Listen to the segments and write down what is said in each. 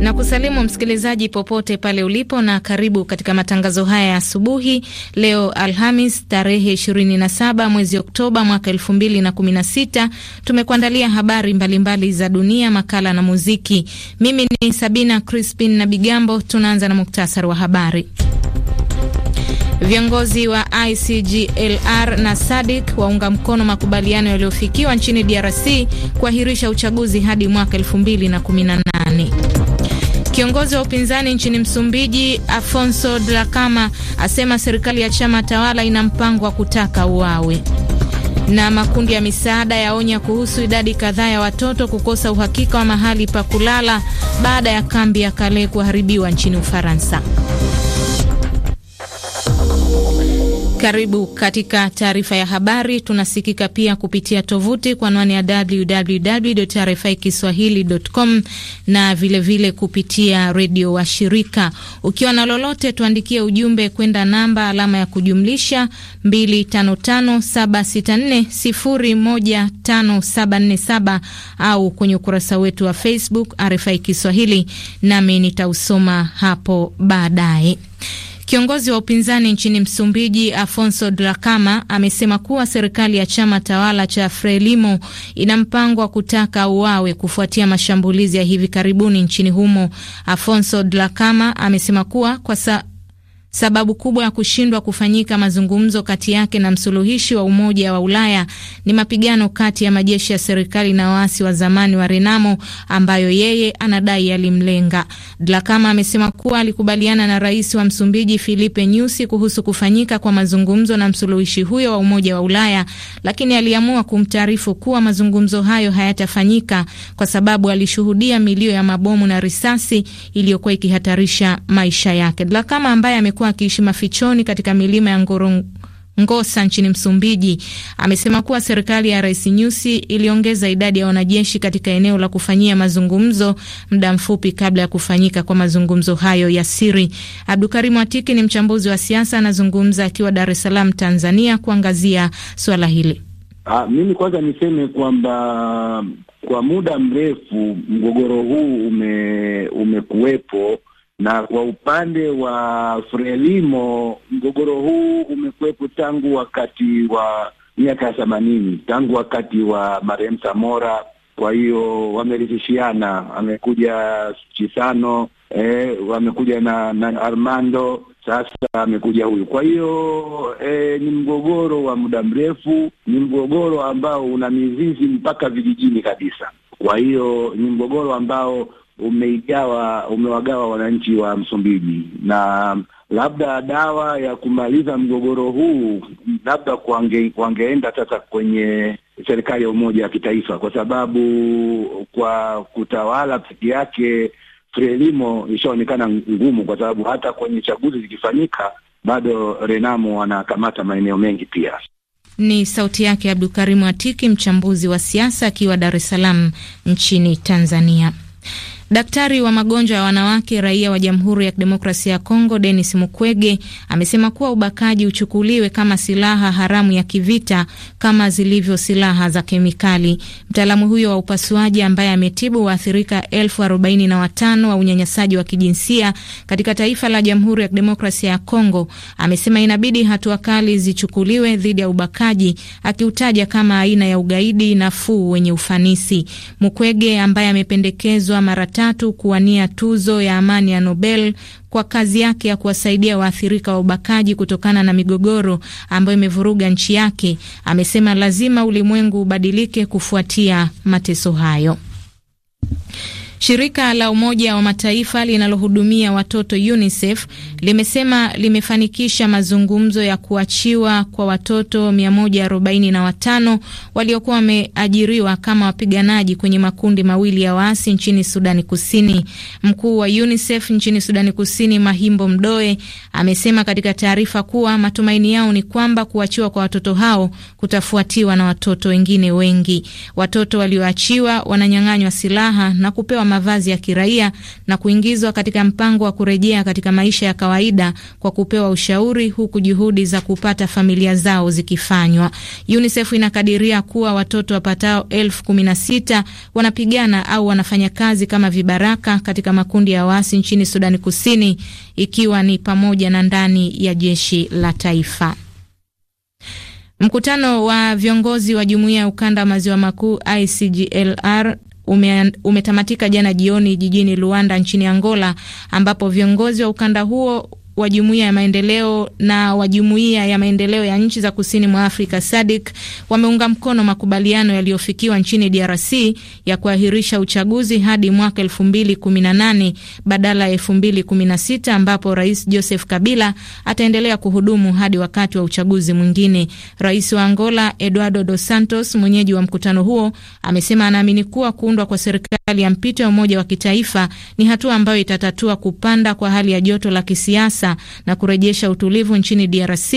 na kusalimu msikilizaji popote pale ulipo, na karibu katika matangazo haya ya asubuhi leo Alhamis tarehe 27 mwezi Oktoba mwaka 2016. Tumekuandalia habari mbalimbali mbali za dunia, makala na muziki. Mimi ni Sabina Crispin na Bigambo. Tunaanza na muktasari wa habari. Viongozi wa ICGLR na SADC waunga mkono makubaliano yaliyofikiwa nchini DRC kuahirisha uchaguzi hadi mwaka 2018. Kiongozi wa upinzani nchini Msumbiji, Afonso Dhlakama, asema serikali ya chama tawala ina mpango wa kutaka uawe na makundi ya misaada yaonya kuhusu idadi kadhaa ya watoto kukosa uhakika wa mahali pa kulala baada ya kambi ya Kale kuharibiwa nchini Ufaransa. Karibu katika taarifa ya habari. Tunasikika pia kupitia tovuti kwa anwani ya www RFI kiswahilicom na vilevile vile kupitia redio wa shirika. Ukiwa na lolote, tuandikie ujumbe kwenda namba alama ya kujumlisha 255764015747 au kwenye ukurasa wetu wa Facebook RFI Kiswahili, nami nitausoma hapo baadaye. Kiongozi wa upinzani nchini Msumbiji, Afonso Dhlakama, amesema kuwa serikali ya chama tawala cha Frelimo ina mpango wa kutaka uawe kufuatia mashambulizi ya hivi karibuni nchini humo. Afonso Dhlakama amesema kuwa kwa sa Sababu kubwa ya kushindwa kufanyika mazungumzo kati yake na msuluhishi wa Umoja wa Ulaya ni mapigano kati ya majeshi ya serikali na waasi wa zamani wa Renamo ambayo yeye anadai yalimlenga. Dlakama amesema kuwa alikubaliana na rais wa Msumbiji Filipe Nyusi kuhusu kufanyika kwa mazungumzo na msuluhishi huyo wa Umoja wa Ulaya, lakini aliamua kumtaarifu kuwa mazungumzo hayo hayatafanyika kwa sababu alishuhudia milio ya mabomu na risasi iliyokuwa ikihatarisha maisha yake. Dlakama ambaye amekuwa alikuwa akiishi mafichoni katika milima ya ngorongosa Ngosa nchini Msumbiji amesema kuwa serikali ya Rais Nyusi iliongeza idadi ya wanajeshi katika eneo la kufanyia mazungumzo muda mfupi kabla ya kufanyika kwa mazungumzo hayo ya siri. Abdukarimu Atiki ni mchambuzi wa siasa, anazungumza akiwa Dar es Salaam, Tanzania, kuangazia suala hili. Ha, ah, mimi kwanza niseme kwamba kwa muda mrefu mgogoro huu ume umekuwepo na kwa upande wa Frelimo, mgogoro huu umekuwepo tangu wakati wa miaka ya themanini, tangu wakati wa marehemu Samora. Kwa hiyo wamerithishiana, amekuja Chisano eh, wamekuja na, na Armando sasa amekuja huyu. Kwa hiyo eh, ni mgogoro wa muda mrefu, ni mgogoro ambao una mizizi mpaka vijijini kabisa. Kwa hiyo ni mgogoro ambao umeigawa umewagawa wananchi wa Msumbiji, na labda dawa ya kumaliza mgogoro huu labda wange, wangeenda sasa kwenye serikali ya umoja wa kitaifa, kwa sababu kwa kutawala peke yake Frelimo ishaonekana ngumu, kwa sababu hata kwenye chaguzi zikifanyika bado Renamo wanakamata maeneo mengi pia. Ni sauti yake abdu karimu Atiki, mchambuzi wa siasa akiwa Dar es Salaam nchini Tanzania. Daktari wa magonjwa ya wanawake raia wa Jamhuri ya Kidemokrasia ya Kongo Denis Mukwege amesema kuwa ubakaji uchukuliwe kama silaha haramu ya kivita kama zilivyo silaha za kemikali. Mtaalamu huyo wa upasuaji ambaye ametibu waathirika elfu arobaini na watano wa unyanyasaji wa kijinsia katika taifa la Jamhuri ya Kidemokrasia ya Kongo amesema inabidi hatua kali zichukuliwe dhidi ya ubakaji, akiutaja kama aina ya ugaidi nafuu wenye ufanisi. Mukwege ambaye amependekezwa mara tatu kuwania tuzo ya amani ya Nobel kwa kazi yake ya kuwasaidia waathirika wa ubakaji kutokana na migogoro ambayo imevuruga nchi yake. Amesema lazima ulimwengu ubadilike kufuatia mateso hayo. Shirika la Umoja wa Mataifa linalohudumia watoto UNICEF limesema limefanikisha mazungumzo ya kuachiwa kwa watoto 145 waliokuwa wameajiriwa kama wapiganaji kwenye makundi mawili ya waasi nchini Sudani Kusini. Mkuu wa UNICEF nchini Sudani Kusini, Mahimbo Mdoe, amesema katika taarifa kuwa matumaini yao ni kwamba kuachiwa kwa watoto hao kutafuatiwa na watoto wengine wengi. Watoto walioachiwa wananyang'anywa silaha na kupewa mavazi ya kiraia na kuingizwa katika mpango wa kurejea katika maisha ya kawaida kwa kupewa ushauri, huku juhudi za kupata familia zao zikifanywa. UNICEF inakadiria kuwa watoto wapatao elfu kumi na sita wanapigana au wanafanya kazi kama vibaraka katika makundi ya waasi nchini Sudani Kusini, ikiwa ni pamoja na ndani ya jeshi la taifa. Mkutano wa viongozi wa jumuiya ya ukanda wa maziwa makuu ICGLR ume, umetamatika jana jioni jijini Luanda nchini Angola ambapo viongozi wa ukanda huo wa jumuiya ya maendeleo na wa jumuiya ya maendeleo ya nchi za kusini mwa Afrika SADC wameunga mkono makubaliano yaliyofikiwa nchini DRC ya kuahirisha uchaguzi hadi mwaka 2018 badala ya 2016 ambapo Rais Joseph Kabila ataendelea kuhudumu hadi wakati wa uchaguzi mwingine. Rais wa Angola Eduardo Dos Santos, mwenyeji wa mkutano huo, amesema anaamini kuwa kuundwa kwa serikali ya mpito ya umoja wa kitaifa ni hatua ambayo itatatua kupanda kwa hali ya joto la kisiasa kisiasa na kurejesha utulivu nchini DRC,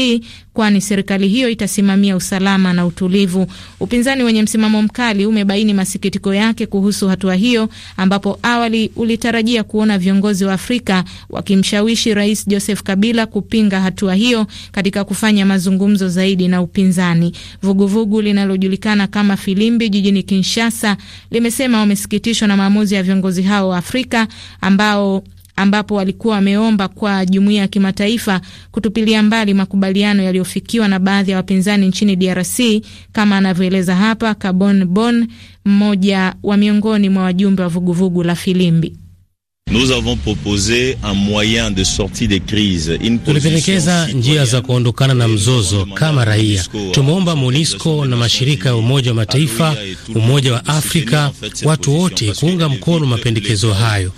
kwani serikali hiyo itasimamia usalama na utulivu. Upinzani wenye msimamo mkali umebaini masikitiko yake kuhusu hatua hiyo, ambapo awali ulitarajia kuona viongozi wa Afrika wakimshawishi Rais Joseph Kabila kupinga hatua hiyo katika kufanya mazungumzo zaidi na upinzani. Vuguvugu linalojulikana kama Filimbi jijini Kinshasa limesema wamesikitishwa na maamuzi ya viongozi hao wa Afrika ambao ambapo walikuwa wameomba kwa jumuiya ya kimataifa kutupilia mbali makubaliano yaliyofikiwa na baadhi ya wapinzani nchini DRC, kama anavyoeleza hapa Kabon Bon, mmoja wa miongoni mwa wajumbe wa vuguvugu la Filimbi. Tulipendekeza njia za kuondokana na mzozo kama raia. Tumeomba MONUSCO na mashirika ya Umoja wa Mataifa, Umoja wa Afrika, watu wote kuunga mkono mapendekezo hayo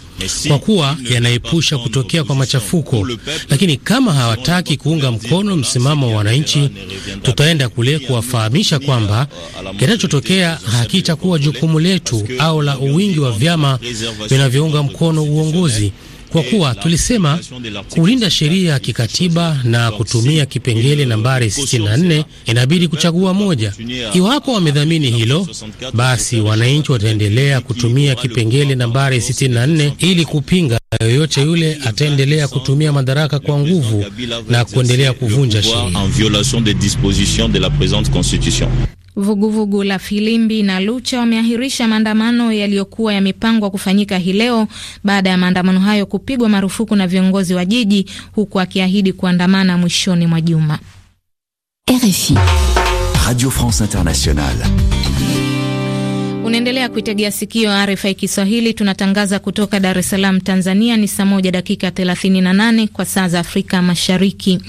kwa kuwa yanaepusha kutokea kwa machafuko. Lakini kama hawataki kuunga mkono msimamo wa wananchi, tutaenda kule kuwafahamisha kwamba kinachotokea hakitakuwa jukumu letu au la uwingi wa vyama vinavyounga mkono uongozi kwa kuwa tulisema kulinda sheria ya kikatiba na kutumia kipengele nambari 64, inabidi kuchagua moja. Iwapo wamedhamini hilo, basi wananchi wataendelea kutumia kipengele nambari 64 ili kupinga yoyote yule ataendelea kutumia madaraka kwa nguvu na kuendelea kuvunja sheria. Vuguvugu la Filimbi na Lucha wameahirisha maandamano yaliyokuwa yamepangwa kufanyika hii leo baada ya maandamano hayo kupigwa marufuku na viongozi wa jiji, huku akiahidi kuandamana mwishoni mwa juma. RFI Radio France Internationale. Unaendelea kuitegea sikio RFI Kiswahili, tunatangaza kutoka Dar es Salaam, Tanzania. Ni saa moja dakika 38 kwa saa za Afrika Mashariki.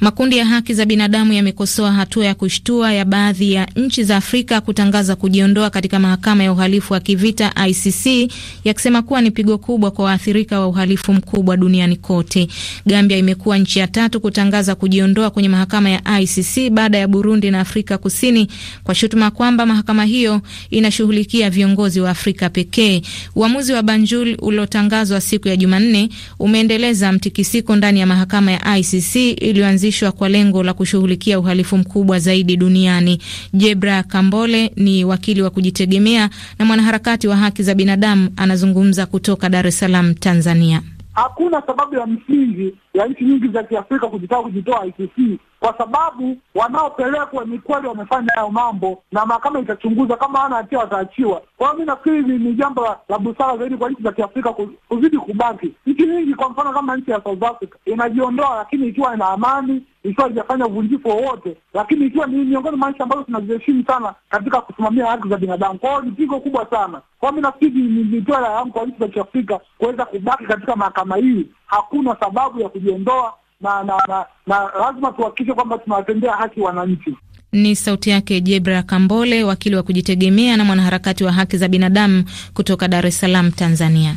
Makundi ya haki za binadamu yamekosoa hatua ya kushtua ya baadhi ya nchi za Afrika kutangaza kujiondoa katika mahakama ya uhalifu wa kivita ICC, yakisema kuwa ni pigo kubwa kwa waathirika wa uhalifu mkubwa duniani kote. Gambia imekuwa nchi ya tatu kutangaza kujiondoa kwenye mahakama ya ICC baada ya Burundi na Afrika Kusini kwa shutuma kwamba mahakama hiyo inashughuli kushughulikia viongozi wa Afrika pekee. Uamuzi wa Banjul uliotangazwa siku ya Jumanne umeendeleza mtikisiko ndani ya mahakama ya ICC iliyoanzishwa kwa lengo la kushughulikia uhalifu mkubwa zaidi duniani. Jebra Kambole ni wakili wa kujitegemea na mwanaharakati wa haki za binadamu, anazungumza kutoka Dar es Salaam, Tanzania hakuna sababu ya msingi ya nchi nyingi za Kiafrika kujitaka kujitoa ICC kwa sababu wanaopelekwa ni kweli wamefanya hayo mambo, na mahakama itachunguza, kama hana hatia wataachiwa. Kwa hiyo mi nafikiri ni jambo la busara zaidi kwa nchi za Kiafrika kuzidi kubaki. Nchi nyingi, kwa mfano kama nchi ya South Africa inajiondoa, lakini ikiwa ina amani ikiwa halijafanya uvunjifu wowote, lakini ikiwa ni miongoni mwa nchi ambazo tunaziheshimu sana katika kusimamia haki za binadamu. Kwa hiyo ni pigo kubwa sana. kwao. hiyo mi nafikiri nitoe lawama kwa nchi za Kiafrika kuweza kubaki katika mahakama hii. Hakuna sababu ya kujiondoa na, na, na, na lazima tuhakikishe kwamba tunawatendea haki wananchi. Ni sauti yake Jebra Kambole, wakili wa kujitegemea na mwanaharakati wa haki za binadamu kutoka Dar es Salaam, Tanzania.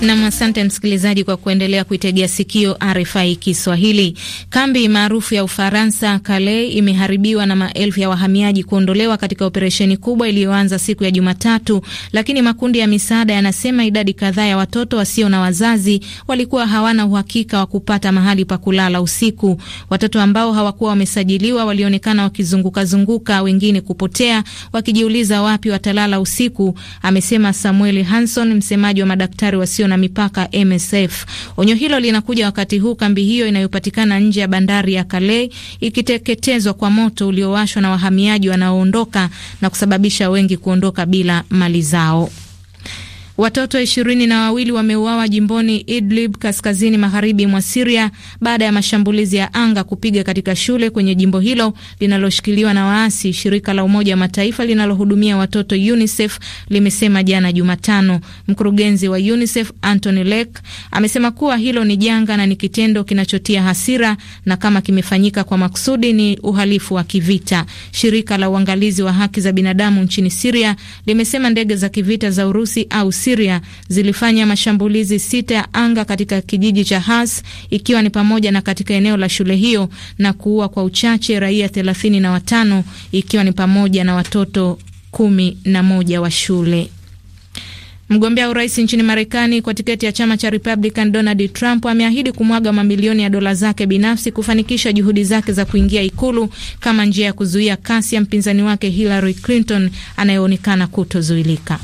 Nam, asante msikilizaji kwa kuendelea kuitegea sikio RFI Kiswahili. Kambi maarufu ya Ufaransa Calais imeharibiwa na maelfu ya wahamiaji kuondolewa katika operesheni kubwa iliyoanza siku ya Jumatatu, lakini makundi ya misaada yanasema idadi kadhaa ya watoto wasio na wazazi walikuwa hawana uhakika wa kupata mahali pa kulala usiku. Watoto ambao hawakuwa wamesajiliwa walionekana wakizungukazunguka, wengine kupotea, wakijiuliza wapi watalala usiku, amesema Samuel Hanson, msemaji wa madaktari wasio isiyo na mipaka MSF. Onyo hilo linakuja wakati huu kambi hiyo inayopatikana nje ya bandari ya Calais ikiteketezwa kwa moto uliowashwa na wahamiaji wanaoondoka na kusababisha wengi kuondoka bila mali zao. Watoto ishirini na wawili wameuawa jimboni Idlib kaskazini magharibi mwa Siria baada ya mashambulizi ya anga kupiga katika shule kwenye jimbo hilo linaloshikiliwa na waasi. Shirika la Umoja wa Mataifa linalohudumia watoto UNICEF limesema jana Jumatano. Mkurugenzi wa UNICEF Anthony Lake amesema kuwa hilo ni janga na ni kitendo kinachotia hasira na kama kimefanyika kwa makusudi ni uhalifu wa kivita. Shirika la uangalizi wa haki za binadamu nchini Siria limesema ndege za kivita za Urusi au Siria zilifanya mashambulizi sita ya anga katika kijiji cha Has ikiwa ni pamoja na katika eneo la shule hiyo na kuua kwa uchache raia thelathini na watano ikiwa ni pamoja na watoto kumi na moja wa shule. Mgombea urais nchini Marekani kwa tiketi ya chama cha Republican Donald Trump ameahidi kumwaga mamilioni ya dola zake binafsi kufanikisha juhudi zake za kuingia ikulu kama njia ya kuzuia kasi ya mpinzani wake Hillary Clinton anayeonekana kutozuilika.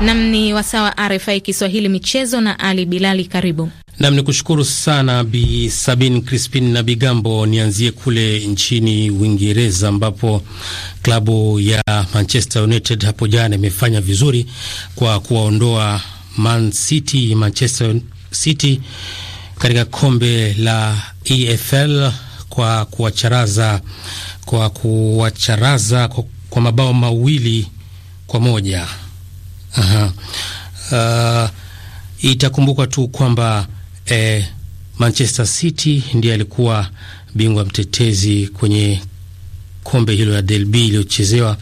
Nam ni wasawa RFI Kiswahili michezo na Ali Bilali, karibu. Nam ni kushukuru sana Bi Sabin Crispin na Bigambo. Nianzie kule nchini Uingereza ambapo klabu ya Manchester United hapo jana imefanya vizuri kwa kuwaondoa Man City, Manchester City katika kombe la EFL kwa kuwacharaza kwa kuwacharaza kwa, kwa mabao mawili kwa moja. Aha. Uh, itakumbukwa tu kwamba eh, Manchester City ndiye alikuwa bingwa mtetezi kwenye kombe hilo la derby iliyochezewa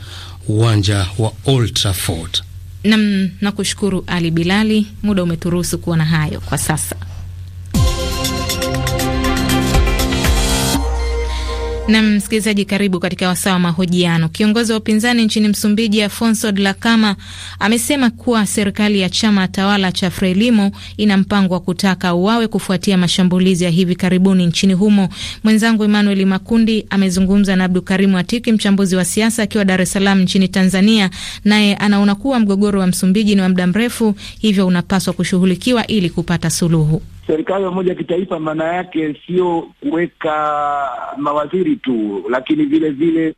uwanja wa Old Trafford. Nam, nakushukuru Ali Bilali, muda umeturuhusu kuona hayo kwa sasa. Na msikilizaji, karibu katika wasaa wa mahojiano. Kiongozi wa upinzani nchini Msumbiji, Afonso Dhlakama, amesema kuwa serikali ya chama tawala cha Frelimo ina mpango wa kutaka uawe kufuatia mashambulizi ya hivi karibuni nchini humo. Mwenzangu Emmanuel Makundi amezungumza na Abdu Karimu Atiki, mchambuzi wa siasa, akiwa Dar es Salaam nchini Tanzania. Naye anaona kuwa mgogoro wa Msumbiji ni wa muda mrefu, hivyo unapaswa kushughulikiwa ili kupata suluhu serikali ya umoja kitaifa, maana yake sio kuweka mawaziri tu, lakini vile vile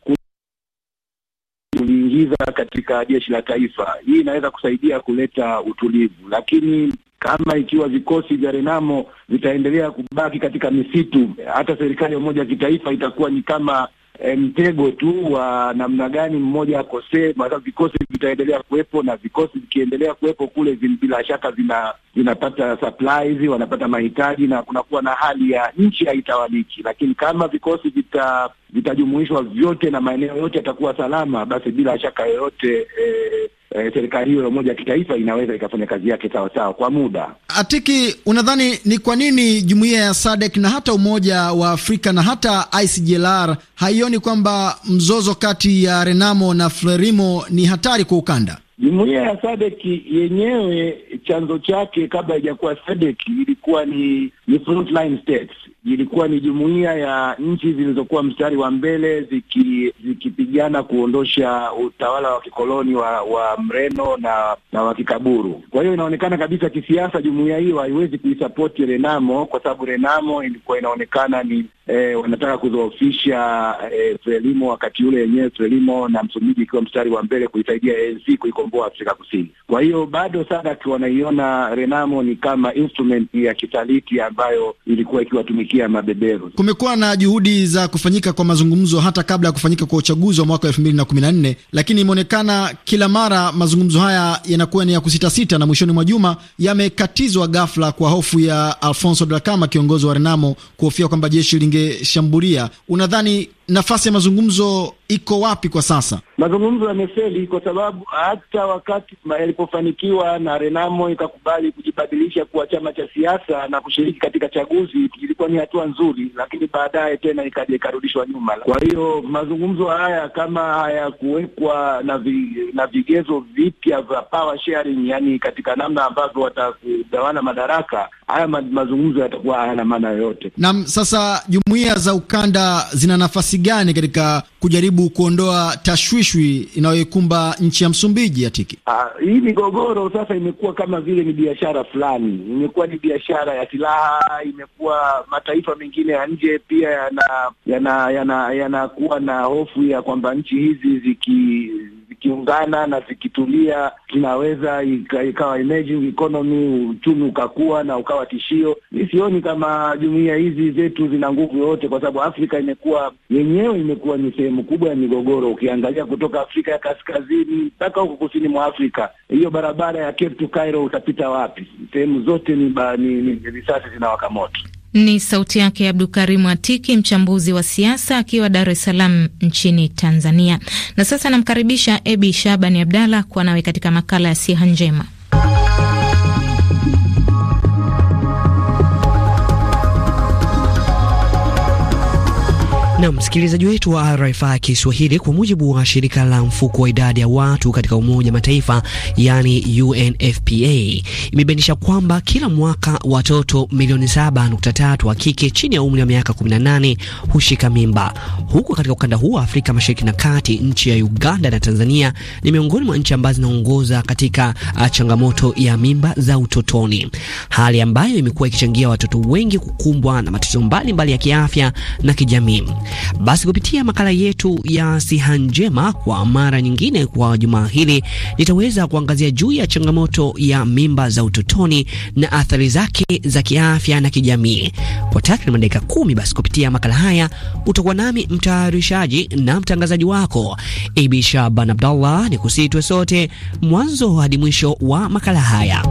kuliingiza katika jeshi la taifa. Hii inaweza kusaidia kuleta utulivu, lakini kama ikiwa vikosi vya Renamo vitaendelea kubaki katika misitu, hata serikali ya umoja kitaifa itakuwa ni kama Eh, mtego tu wa namna gani mmoja akosee, vikosi vitaendelea kuwepo, na vikosi vikiendelea kuwepo kule, bila shaka vina vinapata supplies, wanapata mahitaji na kunakuwa na hali ya nchi haitawaliki. Lakini kama vikosi vita vitajumuishwa vyote na maeneo yote yatakuwa salama, basi bila shaka yoyote eh, eh, serikali hiyo ya umoja wa kitaifa inaweza ikafanya kazi yake sawasawa kwa muda. Atiki, unadhani ni kwa nini jumuiya ya SADC na hata umoja wa Afrika na hata ICGLR haioni kwamba mzozo kati ya Renamo na Frelimo ni hatari kwa ukanda? Jumuiya ya SADC yenyewe chanzo chake kabla haijakuwa SADC ilikuwa ni, ni frontline states, ilikuwa ni jumuiya ya nchi zilizokuwa mstari wa mbele zikipigana ziki kuondosha utawala wa kikoloni wa, wa mreno na na wa kikaburu. Kwa hiyo inaonekana kabisa kisiasa jumuiya hiyo haiwezi kuisapoti Renamo kwa sababu Renamo ilikuwa inaonekana ni eh, wanataka kudhoofisha eh, Frelimo wakati ule yenyewe Frelimo na Msumbiji ikiwa mstari wa mbele kuisaidia ANC kuiko kuikomboa Afrika Kusini. Kwa hiyo bado SADC wanaiona Renamo ni kama instrument ya kisaliti ambayo ilikuwa ikiwatumikia mabeberu. Kumekuwa na juhudi za kufanyika kwa mazungumzo hata kabla ya kufanyika kwa uchaguzi wa mwaka elfu mbili na kumi na nne, lakini imeonekana kila mara mazungumzo haya yanakuwa ni ya kusitasita na mwishoni mwa juma yamekatizwa ghafla kwa hofu ya Alfonso Dhlakama, kiongozi wa Renamo, kuhofia kwamba jeshi lingeshambulia. Unadhani nafasi ya mazungumzo iko wapi kwa sasa? Mazungumzo yamefeli kwa sababu hata wakati yalipofanikiwa na Renamo ikakubali kujibadilisha kuwa chama cha siasa na kushiriki katika chaguzi, ilikuwa ni hatua nzuri, lakini baadaye tena ikaja ikarudishwa nyuma. Kwa hiyo mazungumzo haya kama hayakuwekwa na, vi, na vigezo vipya vya power sharing, yani katika namna ambavyo watakugawana madaraka haya mazungumzo yatakuwa hayana maana yoyote. Naam, sasa jumuiya za ukanda zina nafasi gani katika kujaribu kuondoa tashwishwi inayoikumba nchi ya Msumbiji? Atiki, ah, hii migogoro sasa imekuwa kama vile ni biashara fulani, imekuwa ni biashara ya silaha, imekuwa mataifa mengine ya nje pia yanakuwa yana, yana, yana na hofu ya kwamba nchi hizi ziki zikiungana na zikitulia inaweza ikawa emerging economy, uchumi ukakua na ukawa tishio. Sioni kama jumuia hizi zetu zina nguvu yoyote, kwa sababu Afrika imekuwa yenyewe, imekuwa ni sehemu kubwa ya migogoro. Ukiangalia kutoka Afrika ya kaskazini mpaka huko kusini mwa Afrika, hiyo barabara ya Cape to Cairo utapita wapi? Sehemu zote ni risasi zinawaka moto. Ni sauti yake Karimu Atiki, mchambuzi wa siasa akiwa Dar es Salaam nchini Tanzania. Na sasa namkaribisha Ebi Shabani Abdalla kuwa nawe katika makala ya Siha Njema. Na msikilizaji wetu wa RFI Kiswahili, kwa mujibu wa shirika la mfuko wa idadi ya watu katika Umoja Mataifa, yani UNFPA, imebainisha kwamba kila mwaka watoto milioni 7.3 wa kike chini ya umri wa miaka 18 hushika mimba, huku katika ukanda huu wa Afrika Mashariki na Kati, nchi ya Uganda na Tanzania ni miongoni mwa nchi ambazo zinaongoza katika ah, changamoto ya mimba za utotoni, hali ambayo imekuwa ikichangia watoto wengi kukumbwa na matatizo mbalimbali ya kiafya na kijamii. Basi kupitia makala yetu ya siha njema, kwa mara nyingine kwa jumaa hili nitaweza kuangazia juu ya changamoto ya mimba za utotoni na athari zake za kiafya na kijamii kwa takriban dakika kumi. Basi kupitia makala haya utakuwa nami mtayarishaji na mtangazaji wako Ibisha Shaban Abdallah, ni kusitwe sote mwanzo hadi mwisho wa makala haya.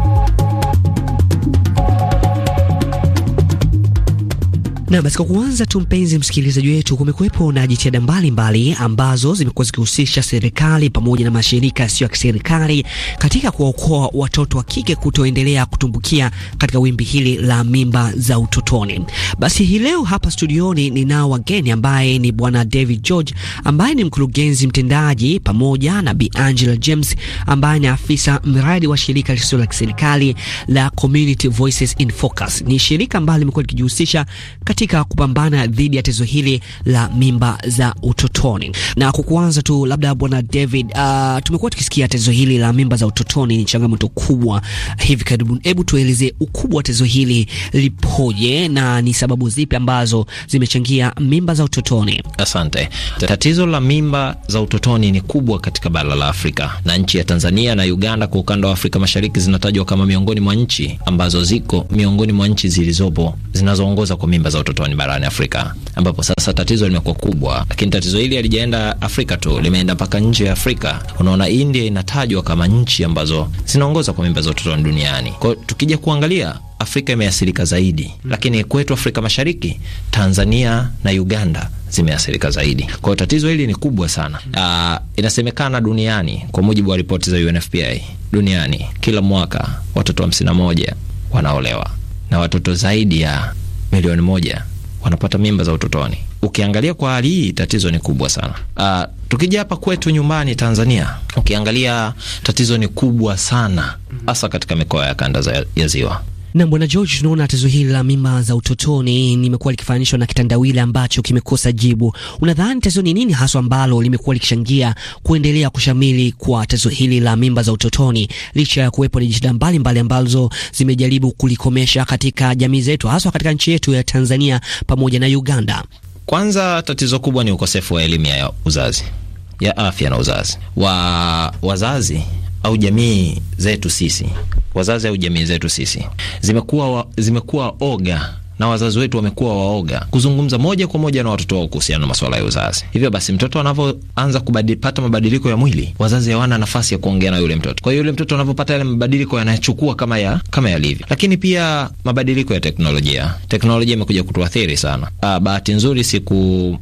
Na basi kwa kuanza tu, mpenzi msikilizaji wetu, kumekuwepo na jitihada mbalimbali ambazo zimekuwa zikihusisha serikali pamoja na mashirika yasiyo ya kiserikali katika kuwaokoa watoto wa kike kutoendelea kutumbukia katika wimbi hili la mimba za utotoni. Basi hii leo hapa studioni ninao wageni ambaye ni Bwana David George ambaye ni mkurugenzi mtendaji pamoja na Bi Angela James ambaye ni afisa mradi wa shirika lisilo la kiserikali la Community Voices in Focus. Ni shirika ambalo limekuwa likijihusisha katika kupambana dhidi ya tatizo hili la mimba za utotoni. Na kwa kuanza tu, labda bwana David, uh, tumekuwa tukisikia tatizo hili la mimba za utotoni ni changamoto kubwa hivi karibuni. Hebu tueleze ukubwa wa tatizo hili lipoje na ni sababu zipi ambazo zimechangia mimba za utotoni? Asante. Tatizo la mimba za utotoni ni kubwa katika bara la Afrika na nchi ya Tanzania na Uganda kwa ukanda wa Afrika Mashariki zinatajwa kama miongoni mwa nchi ambazo ziko miongoni mwa nchi zilizopo zinazoongoza kwa mimba za utotoni utotoni barani Afrika, ambapo sasa tatizo limekuwa kubwa. Lakini tatizo hili halijaenda Afrika tu, limeenda mpaka nje ya Afrika. Unaona, India inatajwa kama nchi ambazo zinaongoza kwa mimba za utotoni duniani. Kwao tukija kuangalia Afrika imeathirika zaidi, lakini kwetu Afrika Mashariki, Tanzania na Uganda zimeathirika zaidi. Kwa hiyo tatizo hili ni kubwa sana. Aa, ah, inasemekana duniani kwa mujibu wa ripoti za UNFPA, duniani kila mwaka watoto hamsini na moja wanaolewa na watoto zaidi ya milioni moja wanapata mimba za utotoni. Ukiangalia kwa hali hii, tatizo ni kubwa sana. Uh, tukija hapa kwetu nyumbani Tanzania, ukiangalia tatizo ni kubwa sana hasa katika mikoa ya kanda ya ziwa. Na bwana George, tunaona tatizo hili la mimba za utotoni limekuwa likifananishwa na kitandawili ambacho kimekosa jibu. Unadhani tatizo ni nini haswa ambalo limekuwa likichangia kuendelea kushamili kwa tatizo hili la mimba za utotoni, licha ya kuwepo na jitihada mbalimbali ambazo zimejaribu kulikomesha katika jamii zetu, haswa katika nchi yetu ya Tanzania pamoja na Uganda? Kwanza, tatizo kubwa ni ukosefu wa elimu ya uzazi, ya afya na uzazi wa wazazi au jamii zetu sisi, wazazi au jamii zetu sisi, zimekuwa zimekuwa oga na wazazi wetu wamekuwa waoga kuzungumza moja kwa moja na watoto wao kuhusiana na masuala ya uzazi. Hivyo basi mtoto anavyoanza kupata mabadiliko ya mwili, wazazi hawana nafasi ya kuongea na yule mtoto. Kwa hiyo yule mtoto anavyopata yale mabadiliko yanayochukua kama ya kama yalivyo. Lakini pia mabadiliko ya teknolojia, teknolojia imekuja kutuathiri sana. Ah, bahati nzuri, siku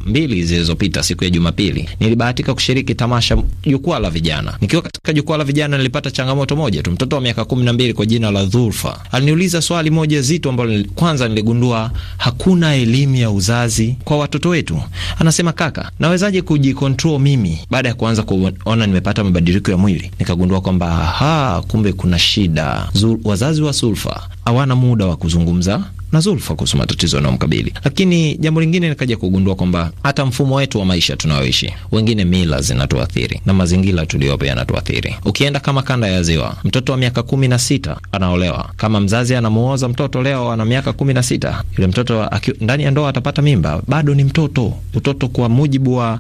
mbili zilizopita, siku ya Jumapili, nilibahatika kushiriki tamasha jukwaa la vijana. Nikiwa katika jukwaa la vijana, nilipata changamoto moja tu. Mtoto wa miaka kumi na mbili kwa jina la Dhulfa aliniuliza swali moja zito ambalo kwanza niligundua kugundua hakuna elimu ya uzazi kwa watoto wetu. Anasema, kaka, nawezaje kujikontrol mimi baada ya kuanza kuona nimepata mabadiliko ya mwili, nikagundua kwamba kumbe kuna shida. Zul, wazazi wa Sulfa hawana muda wa kuzungumza na Zulfa kuhusu matatizo yanayomkabili. Lakini jambo lingine nikaja kugundua kwamba hata mfumo wetu wa maisha tunayoishi, wengine mila zinatuathiri na mazingira tuliyopo yanatuathiri. Ukienda kama kanda ya Ziwa, mtoto wa miaka kumi na sita anaolewa. Kama mzazi anamuoza mtoto leo ana miaka kumi na sita, yule mtoto ndani ya ndoa atapata mimba, bado ni mtoto. Mtoto kwa mujibu wa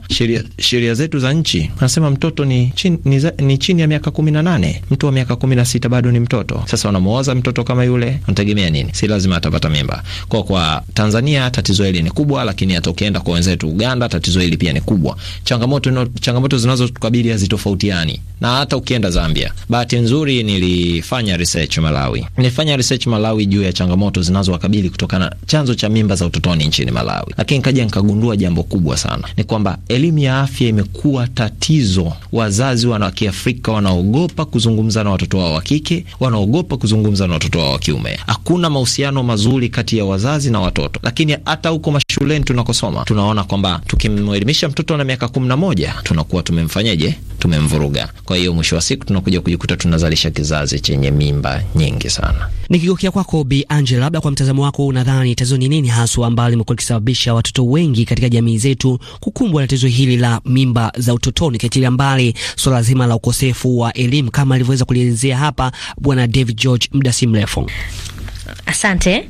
sheria zetu za nchi anasema mtoto ni chini, ni, za, ni chini ya miaka kumi na nane. Mtu wa miaka kumi na sita bado ni mtoto. Sasa wanamuoza mtoto kama yule wengine unategemea nini? Si lazima atapata mimba. Kwa kwa Tanzania tatizo hili ni kubwa, lakini hata ukienda kwa wenzetu Uganda tatizo hili pia ni kubwa. Changamoto no, changamoto zinazotukabili hazitofautiani na hata ukienda Zambia. Bahati nzuri nilifanya research Malawi, nilifanya research Malawi juu ya changamoto zinazowakabili kutokana chanzo cha mimba za utotoni nchini Malawi, lakini kaja nikagundua jambo kubwa sana, ni kwamba elimu ya afya imekuwa tatizo. Wazazi wana Kiafrika wanaogopa kuzungumza na watoto wao wa kike, wanaogopa kuzungumza na watoto wao wa kiume. Hakuna mahusiano mazuri kati ya wazazi na watoto, lakini hata huko shuleni tunakosoma tunaona kwamba tukimwelimisha mtoto na miaka kumi na moja tunakuwa tumemfanyaje? Tumemvuruga. Kwa hiyo mwisho wa siku tunakuja kujikuta tunazalisha kizazi chenye mimba nyingi sana. Nikigokea kwako Bi Angela, labda kwa mtazamo wako, unadhani tatizo ni nini haswa ambalo limekuwa likisababisha watoto wengi katika jamii zetu kukumbwa na tatizo hili la mimba za utotoni, kiachilia mbali suala zima la ukosefu wa elimu kama alivyoweza kulielezea hapa Bwana David George muda si mrefu? Asante.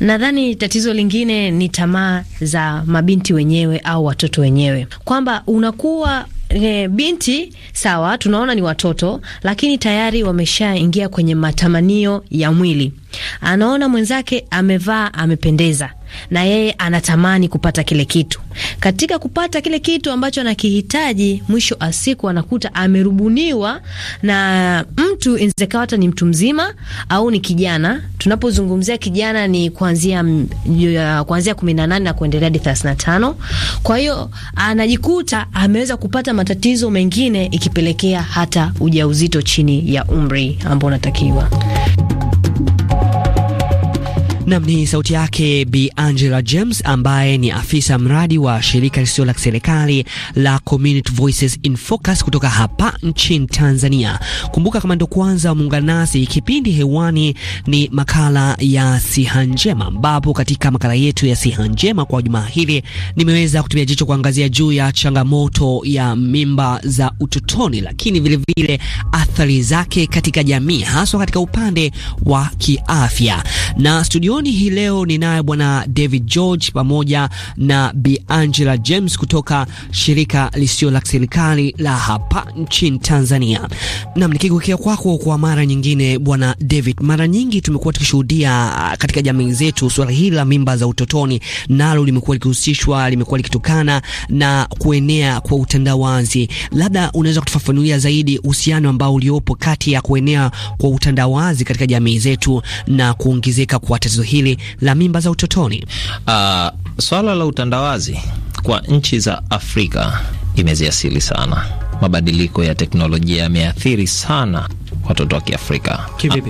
Nadhani tatizo lingine ni tamaa za mabinti wenyewe au watoto wenyewe, kwamba unakuwa e, binti sawa, tunaona ni watoto, lakini tayari wameshaingia kwenye matamanio ya mwili. Anaona mwenzake amevaa, amependeza na yeye anatamani kupata kile kitu. Katika kupata kile kitu ambacho anakihitaji, mwisho wa siku anakuta amerubuniwa na mtu, inawezekana hata ni mtu mzima au ni kijana. Tunapozungumzia kijana ni kuanzia kuanzia 18 na kuendelea hadi 35. Kwa hiyo anajikuta ameweza kupata matatizo mengine, ikipelekea hata ujauzito chini ya umri ambao unatakiwa. Nam ni sauti yake Bi Angela James ambaye ni afisa mradi wa shirika lisilo la kiserikali la Community Voices in Focus kutoka hapa nchini Tanzania. Kumbuka kama ndo kwanza muungana nasi, kipindi hewani ni makala ya Siha Njema, ambapo katika makala yetu ya Siha Njema kwa jumaa hili nimeweza kutumia jicho kuangazia juu ya changamoto ya mimba za utotoni, lakini vilevile vile athari zake katika jamii, haswa katika upande wa kiafya na studio studioni hii leo ninaye bwana David George pamoja na Bi Angela James kutoka shirika lisio la serikali la hapa nchini Tanzania. Nam, nikigokea kwako kwa mara nyingine, bwana David, mara nyingi tumekuwa tukishuhudia ah, katika jamii zetu suala hili la mimba za utotoni, nalo limekuwa likihusishwa, limekuwa likitokana na kuenea kwa utandawazi. Labda unaweza kutufafanulia zaidi uhusiano ambao uliopo kati ya kuenea kwa utandawazi katika jamii zetu na kuongezeka kwa tatizo hili la mimba za utotoni? Uh, swala la utandawazi kwa nchi za Afrika imeziasili sana. Mabadiliko ya teknolojia yameathiri sana watoto wa Kiafrika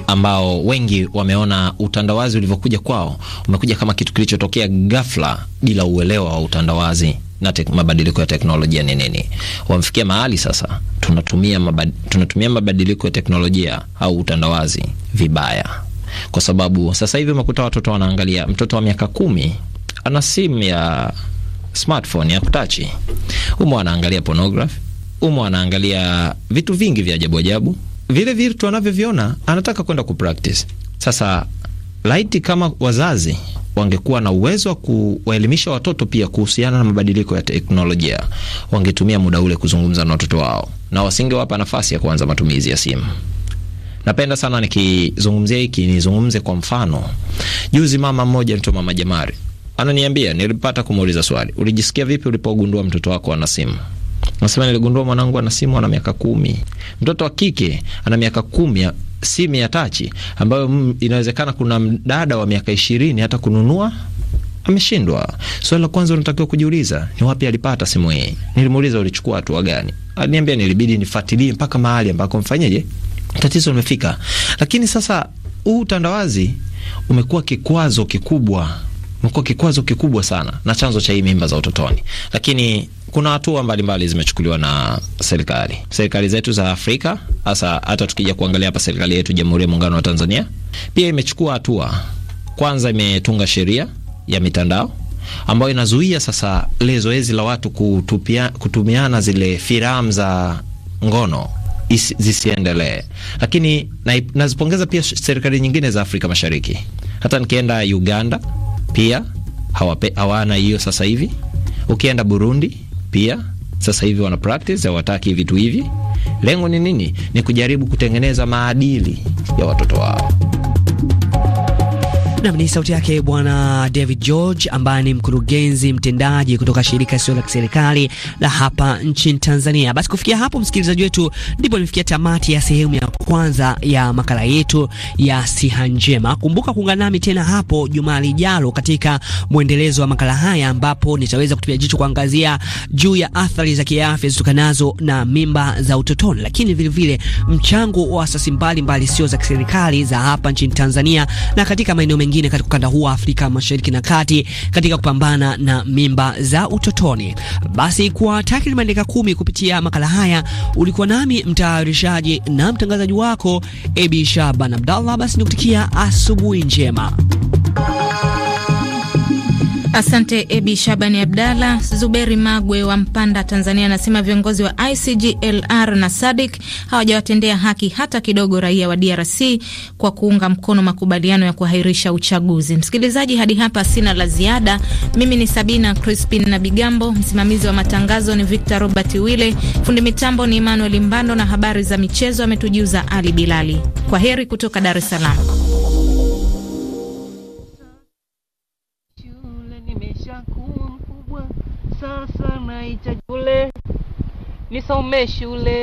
ambao wengi wameona utandawazi ulivyokuja kwao umekuja kama kitu kilichotokea ghafla bila uelewa wa utandawazi na mabadiliko ya teknolojia ni nini. Wamefikia mahali sasa tunatumia, mabad tunatumia mabadiliko ya teknolojia au utandawazi vibaya kwa sababu sasa hivi umekuta watoto wanaangalia, mtoto wa miaka kumi ana simu ya smartphone ya kutachi, umo anaangalia pornography, umo anaangalia vitu vingi vya ajabu ajabu, vile vitu anavyoviona anataka kwenda kupractice. Sasa laiti kama wazazi wangekuwa na uwezo wa kuwaelimisha watoto pia kuhusiana na mabadiliko ya teknolojia, wangetumia muda ule kuzungumza na watoto wao na wasingewapa nafasi ya kuanza matumizi ya simu. Napenda sana nikizungumzia hiki nizungumze kwa mfano. Juzi mama mmoja mtu mama Jamari ananiambia, nilipata kumuuliza swali, ulijisikia vipi ulipogundua mtoto wako ana simu? Nasema niligundua mwanangu ana simu, ana miaka kumi. Mtoto wa kike ana miaka kumi, ya simu ya tachi ambayo mm, inawezekana kuna mdada wa miaka ishirini hata kununua ameshindwa. Swali la kwanza unatakiwa kujiuliza ni wapi alipata simu hii. Nilimuuliza ulichukua hatua gani? Aliniambia nilibidi nifuatilie mpaka mahali ambako mfanyeje tatizo limefika. Lakini sasa huu utandawazi umekuwa kikwazo kikubwa, umekuwa kikwazo kikubwa sana na chanzo cha hii mimba za utotoni. Lakini kuna hatua mbalimbali zimechukuliwa na serikali, serikali zetu za Afrika, hasa hata tukija kuangalia hapa, serikali yetu Jamhuri ya Muungano wa Tanzania pia imechukua hatua. Kwanza imetunga sheria ya mitandao ambayo inazuia sasa lile zoezi la watu kutupia, kutumiana zile filamu za ngono zisiendelee, lakini na, nazipongeza pia serikali nyingine za Afrika Mashariki. Hata nikienda Uganda pia hawape, hawana hiyo sasa hivi. Ukienda Burundi pia sasa hivi wana practice, hawataki vitu hivi. Lengo ni nini? Ni kujaribu kutengeneza maadili ya watoto wao. Nam ni sauti yake Bwana David George ambaye ni mkurugenzi mtendaji kutoka shirika sio la kiserikali la hapa nchini Tanzania. Basi kufikia hapo, msikilizaji wetu, ndipo nimefikia tamati ya sehemu ya kwanza ya makala yetu ya siha njema. Kumbuka kuungana nami tena hapo Jumaa lijalo katika mwendelezo wa makala haya, ambapo nitaweza kutupia jicho kuangazia juu ya athari za kiafya zitokanazo na mimba za utotoni, lakini vilevile mchango wa asasi mbalimbali sio za kiserikali za hapa nchini Tanzania na katika maeneo mengi wengine katika ukanda huu wa Afrika Mashariki na Kati katika kupambana na mimba za utotoni. Basi kwa takriban dakika kumi kupitia makala haya ulikuwa nami mtayarishaji na mtangazaji wako Ebi Shaban Abdallah. Basi nikutikia asubuhi njema. Asante Ebi Shabani Abdalla. Zuberi Magwe wa Mpanda, Tanzania, anasema viongozi wa ICGLR na sadik hawajawatendea haki hata kidogo raia wa DRC kwa kuunga mkono makubaliano ya kuahirisha uchaguzi. Msikilizaji, hadi hapa sina la ziada. Mimi ni Sabina Crispin na Bigambo, msimamizi wa matangazo ni Victor Robert Wille, fundi mitambo ni Emmanuel Mbando na habari za michezo ametujuza Ali Bilali. Kwa heri kutoka Dar es Salaam. sasa naita shule, nisome shule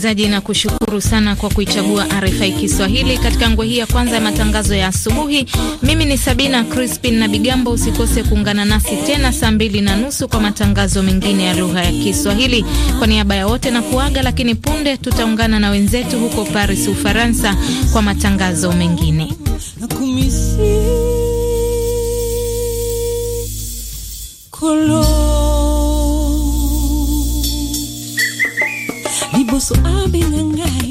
msikilizaji, na kushukuru sana kwa kuichagua RFI Kiswahili katika ngwe hii ya kwanza ya matangazo ya asubuhi. Mimi ni Sabina Crispin na Bigambo. Usikose kuungana nasi tena saa mbili na nusu kwa matangazo mengine ya lugha ya Kiswahili. Kwa niaba ya wote na kuaga, lakini punde tutaungana na wenzetu huko Paris, Ufaransa, kwa matangazo mengine. Kolo. 诉阿兵仁爱。